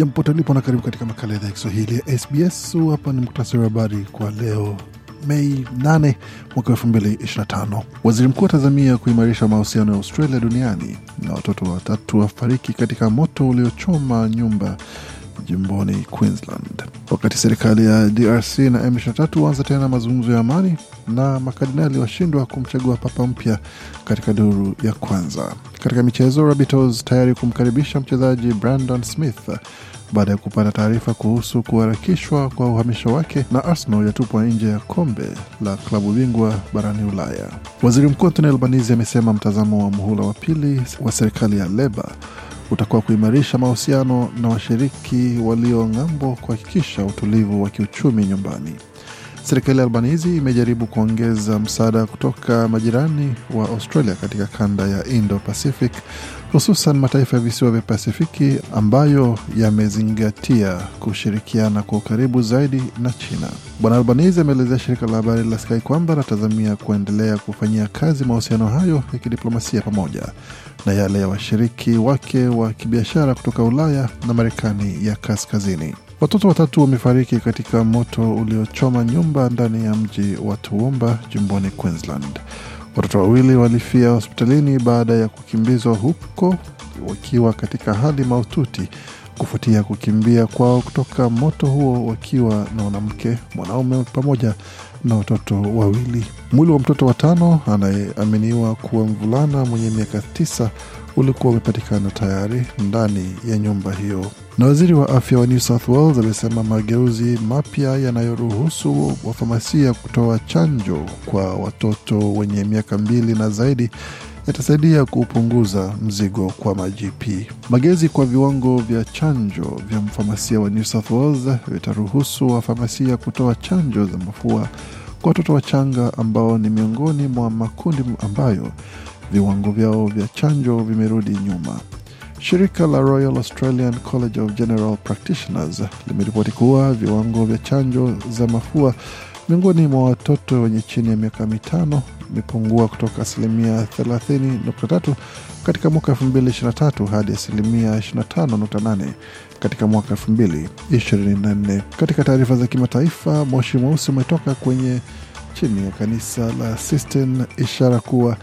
Jambo pote ulipo na karibu katika makala idhaa ya Kiswahili ya SBS. hapa ni muktasari wa habari kwa leo Mei 8 mwaka 2025. Waziri mkuu atazamia kuimarisha mahusiano ya Australia duniani, na watoto watatu wafariki katika moto uliochoma nyumba jimboni Queensland, wakati serikali ya DRC na M23 huanza tena mazungumzo ya amani na makardinali washindwa kumchagua papa mpya katika duru ya kwanza. Katika michezo, Rabbitohs tayari kumkaribisha mchezaji Brandon Smith baada ya kupata taarifa kuhusu kuharakishwa kwa uhamisho wake, na Arsenal yatupwa nje ya kombe la klabu bingwa barani Ulaya. Waziri Mkuu Anthony Albanese amesema mtazamo wa muhula wa pili wa serikali ya Leba utakuwa kuimarisha mahusiano na washiriki walio ng'ambo kuhakikisha utulivu wa kiuchumi nyumbani. Serikali ya Albanizi imejaribu kuongeza msaada kutoka majirani wa Australia katika kanda ya Indo-Pacific, hususan mataifa ya visiwa vya Pasifiki ambayo yamezingatia kushirikiana kwa ukaribu zaidi na China. Bwana Albanizi ameelezea shirika la habari la Sky kwamba anatazamia kuendelea kufanyia kazi mahusiano hayo ya kidiplomasia pamoja na yale ya washiriki wake wa kibiashara kutoka Ulaya na Marekani ya Kaskazini. Watoto watatu wamefariki katika moto uliochoma nyumba ndani ya mji wa Toowoomba jimboni Queensland. Watoto wawili walifia hospitalini baada ya kukimbizwa huko wakiwa katika hali mahututi kufuatia kukimbia kwao kutoka moto huo, wakiwa na wanamke mwanaume pamoja na watoto wawili. Mwili wa mtoto watano anayeaminiwa kuwa mvulana mwenye miaka tisa ulikuwa umepatikana tayari ndani ya nyumba hiyo. Na waziri wa afya wa New South Wales amesema mageuzi mapya yanayoruhusu wafamasia kutoa chanjo kwa watoto wenye miaka mbili na zaidi yatasaidia kupunguza mzigo kwa ma-GP. Mageuzi kwa viwango vya chanjo vya mfamasia wa New South Wales vitaruhusu wafamasia kutoa chanjo za mafua kwa watoto wachanga ambao ni miongoni mwa makundi ambayo viwango vyao vya chanjo vimerudi nyuma. Shirika la Royal Australian College of General Practitioners limeripoti kuwa viwango vya chanjo za mafua miongoni mwa watoto wenye chini ya miaka mitano imepungua kutoka asilimia 30.3 katika mwaka 2023 hadi asilimia 25.8 katika mwaka 2024. Katika taarifa za kimataifa, moshi mweusi umetoka kwenye chini ya kanisa la Sistine, ishara kuwa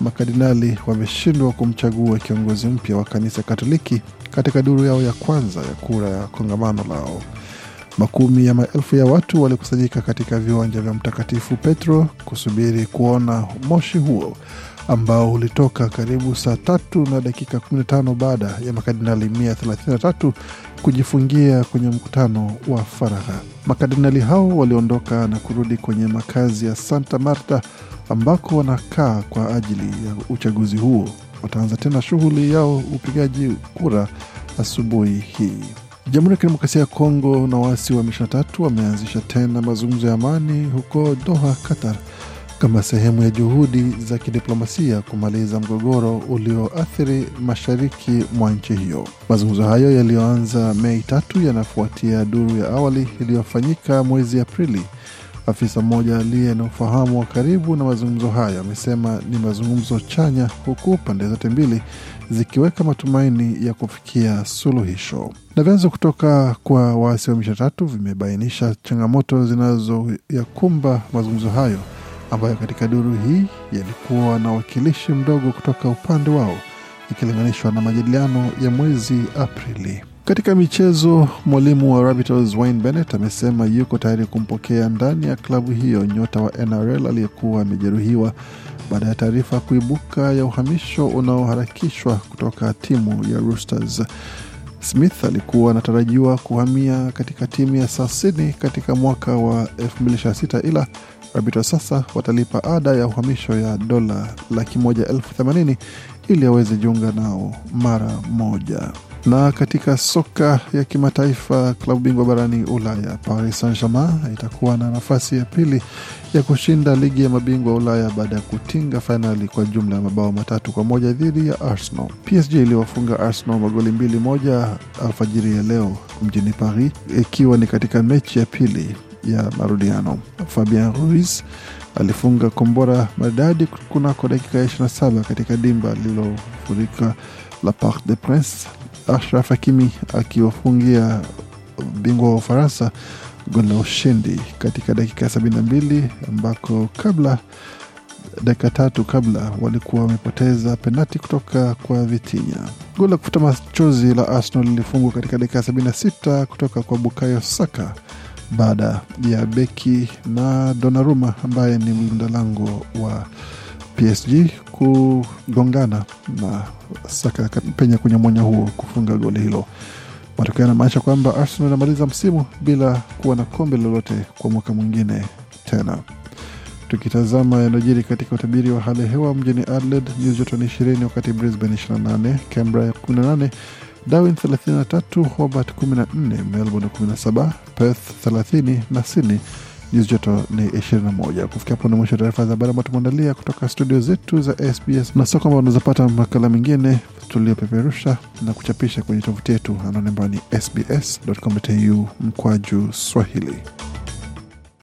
makardinali wameshindwa kumchagua kiongozi mpya wa kanisa Katoliki katika duru yao ya kwanza ya kura ya kongamano lao. Makumi ya maelfu ya watu walikusanyika katika viwanja vya Mtakatifu Petro kusubiri kuona moshi huo ambao ulitoka karibu saa tatu na dakika 15 baada ya makardinali 133 kujifungia kwenye mkutano wa faragha. Makardinali hao waliondoka na kurudi kwenye makazi ya Santa Marta ambako wanakaa kwa ajili ya uchaguzi huo. Wataanza tena shughuli yao upigaji kura asubuhi hii. Jamhuri ya Kidemokrasia ya Kongo na waasi wa M23 wameanzisha tena mazungumzo ya amani huko Doha, Qatar kama sehemu ya juhudi za kidiplomasia kumaliza mgogoro ulioathiri mashariki mwa nchi hiyo. Mazungumzo hayo yaliyoanza Mei tatu yanafuatia duru ya awali iliyofanyika mwezi Aprili. Afisa mmoja aliye na ufahamu wa karibu na mazungumzo hayo amesema ni mazungumzo chanya, huku pande zote mbili zikiweka matumaini ya kufikia suluhisho. Na vyanzo kutoka kwa waasi wa M23 vimebainisha changamoto zinazoyakumba mazungumzo hayo ambayo katika duru hii yalikuwa na wakilishi mdogo kutoka upande wao ikilinganishwa na majadiliano ya mwezi Aprili. Katika michezo, mwalimu wa Rabbitohs Wayne Bennett amesema yuko tayari kumpokea ndani ya klabu hiyo nyota wa NRL aliyekuwa amejeruhiwa baada ya taarifa kuibuka ya uhamisho unaoharakishwa kutoka timu ya Roosters. Smith alikuwa anatarajiwa kuhamia katika timu ya Sasini katika mwaka wa 2026 ila rabito sasa watalipa ada ya uhamisho ya dola laki moja elfu themanini ili aweze jiunga nao mara moja. Na katika soka ya kimataifa, klabu bingwa barani Ulaya Paris Saint-Germain itakuwa na nafasi ya pili ya kushinda ligi ya mabingwa Ulaya baada ya kutinga fainali kwa jumla ya mabao matatu kwa moja dhidi ya Arsenal. PSG iliwafunga Arsenal magoli mbili moja alfajiri ya leo mjini Paris, ikiwa ni katika mechi ya pili ya marudiano. Fabian Ruiz alifunga kombora maridadi kunako dakika ya 27 katika dimba lililofurika la Parc des Princes Ashraf Hakimi akiwafungia bingwa wa Ufaransa goli la ushindi katika dakika mbili ambako kabla dakika tatu kabla walikuwa wamepoteza penati kutoka kwa vitinya Goli la kufuta machozi la Arsenal lilifungwa katika dakika 76 kutoka kwa Bukayo Saka baada ya beki na Donnarumma ambaye ni mlinda lango wa PSG kugongana na Saka akapenya kwenye mwanya huo kufunga goli hilo. Matokeo yanamaanisha kwamba Arsenal inamaliza msimu bila kuwa na kombe lolote kwa mwaka mwingine tena. Tukitazama yanayojiri katika utabiri wa hali ya hewa mjini Adelaide nyuzi joto ni 20, wakati Brisbane 28, Canberra 18, Darwin 33, Hobart 14, Melbourne 17, Perth 30 na Sydney nyuzi joto ni 21. Kufikia hapo ni mwisho taarifa za habari ambayo tumeandalia kutoka studio zetu za SBS na sasa kwamba unaweza pata makala mengine tuliopeperusha na kuchapisha kwenye tovuti yetu anaone ambayo ni sbs.com.au mkwaju Swahili.